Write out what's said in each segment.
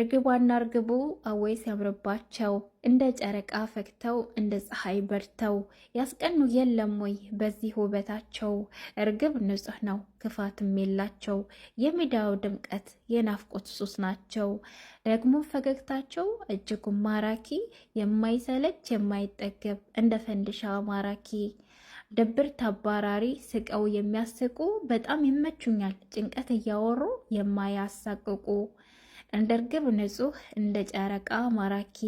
እርግቧና እርግቡ አወይ ሲያምርባቸው እንደ ጨረቃ ፈክተው እንደ ፀሐይ በርተው ያስቀኑ የለም ወይ በዚህ ውበታቸው። እርግብ ንጹህ ነው ክፋትም የላቸው የሜዳው ድምቀት የናፍቆት ሱስ ናቸው። ደግሞ ፈገግታቸው እጅጉን ማራኪ የማይሰለች የማይጠገብ እንደ ፈንዲሻ ማራኪ ድብር ተባራሪ ስቀው የሚያስቁ በጣም ይመቹኛል ጭንቀት እያወሩ የማያሳቅቁ እንደ እርግብ ንጹህ፣ እንደ ጨረቃ ማራኪ፣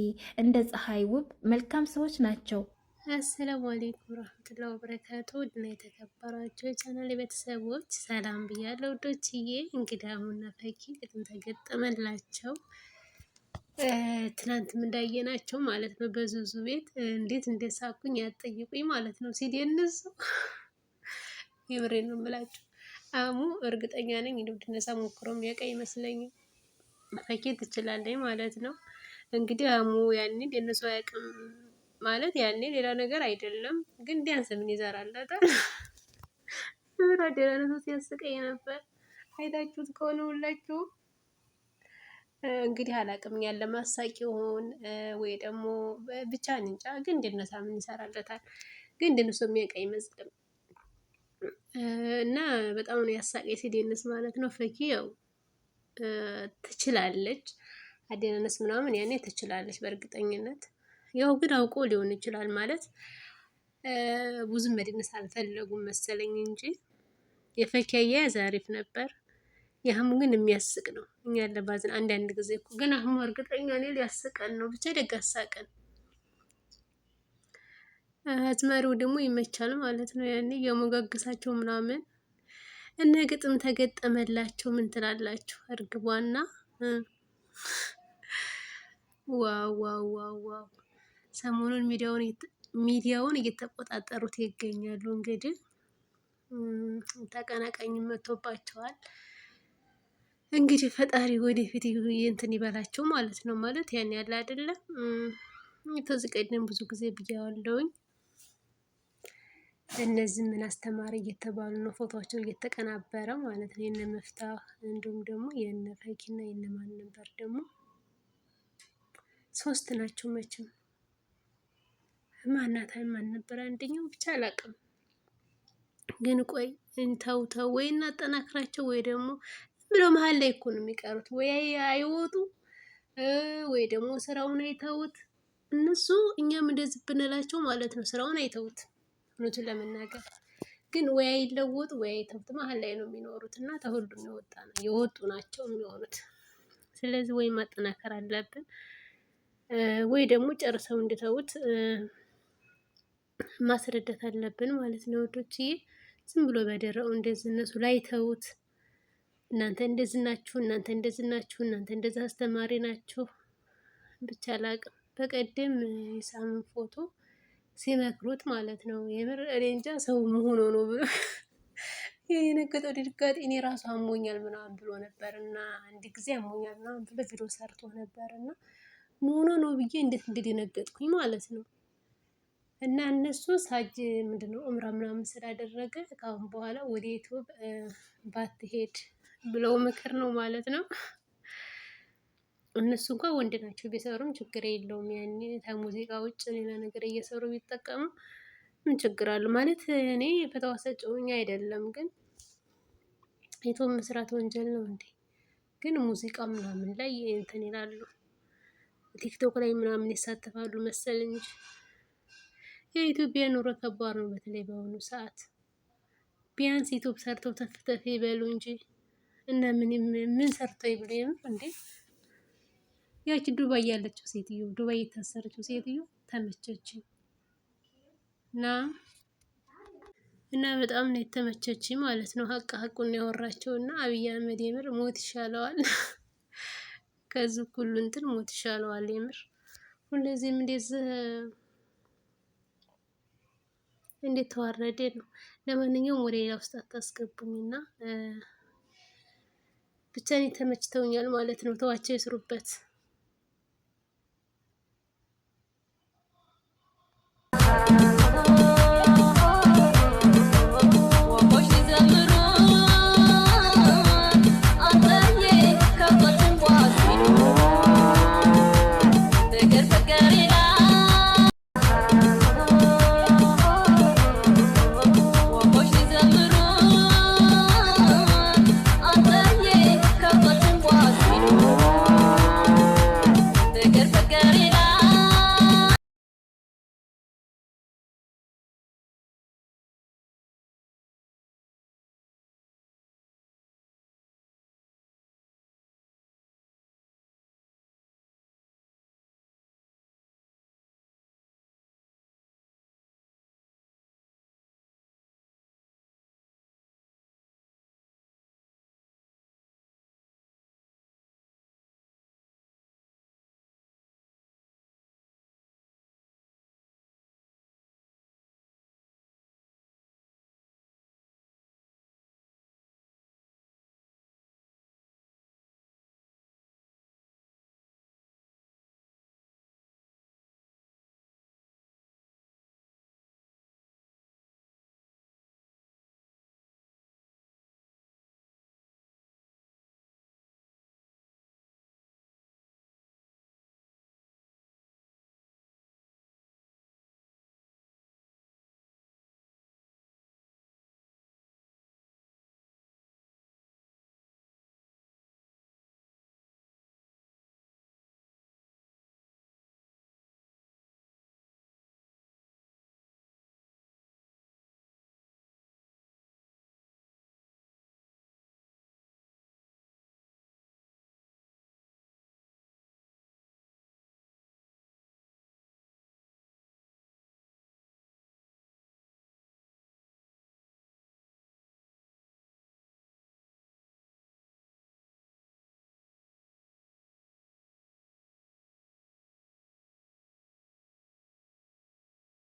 እንደ ፀሐይ ውብ መልካም ሰዎች ናቸው። አሰላሙ አሌይኩም ረህመቱላ ወበረካቱ ውድና የተከበራቸው የቻናል ቤተሰቦች ሰላም ብያለሁ። ዶችዬ እንግዲህ አህሙና ፈኪ ግጥም ተገጠመላቸው። ትናንትም እንዳየናቸው ማለት ነው በዙዙ ቤት እንዴት እንደሳኩኝ ያጠይቁኝ ማለት ነው። ሲደንሱ የምሬ ነው የምላቸው። አሙ እርግጠኛ ነኝ እንደ ውድነሳ ሞክሮ የሚያውቅ አይመስለኝም። መፈኬት ትችላለች ማለት ነው። እንግዲህ አሙ ያኔ የእነሱ አያውቅም ማለት ያኔ ሌላ ነገር አይደለም፣ ግን ቢያንስ ምን ይዘራለታል? ምራ ደረነቱ ሲያስቀኝ ነበር። አይታችሁት ከሆነ ሁላችሁ እንግዲህ አላቅም ያለ ማሳቂ ሆን ወይ ደግሞ ብቻ እንጃ። ግን እንደነሳ ምን ይሰራለታል? ግን እንደነሱ የሚያውቅ አይመስልም እና በጣም ነው ያሳቀኝ ሲደንስ ማለት ነው ፈኪ ያው ትችላለች። አደናነስ ምናምን ያኔ ትችላለች በእርግጠኝነት። ያው ግን አውቆ ሊሆን ይችላል ማለት ብዙም መድነስ አልፈለጉም መሰለኝ እንጂ የፈኪ አያያዝ አሪፍ ነበር። ያህሙ ግን የሚያስቅ ነው። እኛ ለባዝን አንዳንድ ጊዜ እኮ ግን አህሙ እርግጠኛ እኔ ሊያስቀን ነው ብቻ ደግ አሳቀን። አዝማሪው ደግሞ ይመቻል ማለት ነው። ያኔ የሞጋግሳቸው ምናምን እነ ግጥም ተገጠመላቸው። ምን ትላላችሁ? እርግቧና ዋው ዋው ዋው ዋው! ሰሞኑን ሚዲያውን ሚዲያውን እየተቆጣጠሩት ይገኛሉ። እንግዲህ ተቀናቃኝ መጥቶባቸዋል። እንግዲህ ፈጣሪ ወደፊት እንትን ይበላቸው ማለት ነው። ማለት ያን ያለ አይደለም። ከዚህ ቀደም ብዙ ጊዜ ብያዋለሁኝ። እነዚህ ምን አስተማሪ እየተባሉ ነው ፎቶቸው እየተቀናበረ ማለት ነው። የነ መፍታህ እንዲሁም ደግሞ የነ እና የነ ማን ነበር ደግሞ ሶስት ናቸው መቼም ማናት ማን ነበር አንደኛው ብቻ አላውቅም። ግን ቆይ እንተው ተው ወይ እናጠናክራቸው ወይ ደግሞ ብሎ መሀል ላይ እኮ ነው የሚቀሩት ወይ አይወጡ ወይ ደግሞ ስራውን አይተውት እነሱ እኛም እንደዚህ ብንላቸው ማለት ነው ስራውን አይተውት እውነቱን ለመናገር ግን ወይ አይለወጡ ወይ አይተውት መሀል ላይ ነው የሚኖሩት እና ተሁሉም የወጣ ነው የወጡ ናቸው የሚሆኑት። ስለዚህ ወይ ማጠናከር አለብን ወይ ደግሞ ጨርሰው እንድተውት ማስረዳት አለብን ማለት ነው። ወዶችዬ ዝም ብሎ በደረው እንደዚህ እነሱ ላይ ተውት። እናንተ እንደዚህ ናችሁ፣ እናንተ እንደዚህ ናችሁ፣ እናንተ እንደዚህ አስተማሪ ናችሁ። ብቻ አላቅም። በቀደም የሳምን ፎቶ ሲመክሩት ማለት ነው። የምር እኔ እንጃ ሰው መሆኖ ነው ብሎ የነገጠው ድንጋጤ እኔ ራሱ አሞኛል ምናምን ብሎ ነበር እና አንድ ጊዜ አሞኛል ምናምን ብሎ ቪዲዮ ሰርቶ ነበር እና መሆኖ ነው ብዬ እንዴት እንደደነገጥኩኝ ማለት ነው። እና እነሱ ሳጅ ምንድነው ኡምራ ምናምን ስላደረገ ከአሁን በኋላ ወደ ዩቱብ ባትሄድ ብለው ምክር ነው ማለት ነው። እነሱ እንኳ ወንድ ናቸው ቢሰሩም ችግር የለውም። ያኔ ከሙዚቃ ውጭ ሌላ ነገር እየሰሩ ቢጠቀሙ ምን ችግር አለው? ማለት እኔ ፈተዋ አይደለም፣ ግን የቶ መስራት ወንጀል ነው እንዴ? ግን ሙዚቃ ምናምን ላይ እንትን ይላሉ፣ ቲክቶክ ላይ ምናምን ይሳተፋሉ መሰል እንጂ የኢትዮጵያ ኑሮ ከባድ ነው። በተለይ በአሁኑ ሰዓት ቢያንስ ኢትዮጵያ ሰርተው ተፍተፍ ይበሉ እንጂ እና ምን ምን ሰርተው ይብሉ እንዴ? ያቺ ዱባይ ያለችው ሴትዮ ዱባይ የታሰረችው ሴትዮ ተመቸችኝ እና እና በጣም ነው የተመቸችኝ ማለት ነው። ሀቅ ሀቁን ያወራቸው እና አብይ አህመድ የምር ሞት ይሻለዋል። ከዚህ ሁሉ እንትን ሞት ይሻለዋል የምር ሁለዚህም እንደዚህ እንዴት ተዋረደ ነው። ለማንኛውም ወደ ሌላ ውስጥ አታስገቡኝ እና ብቻ እኔ ተመችተውኛል ማለት ነው። ተዋቸው ይስሩበት። you.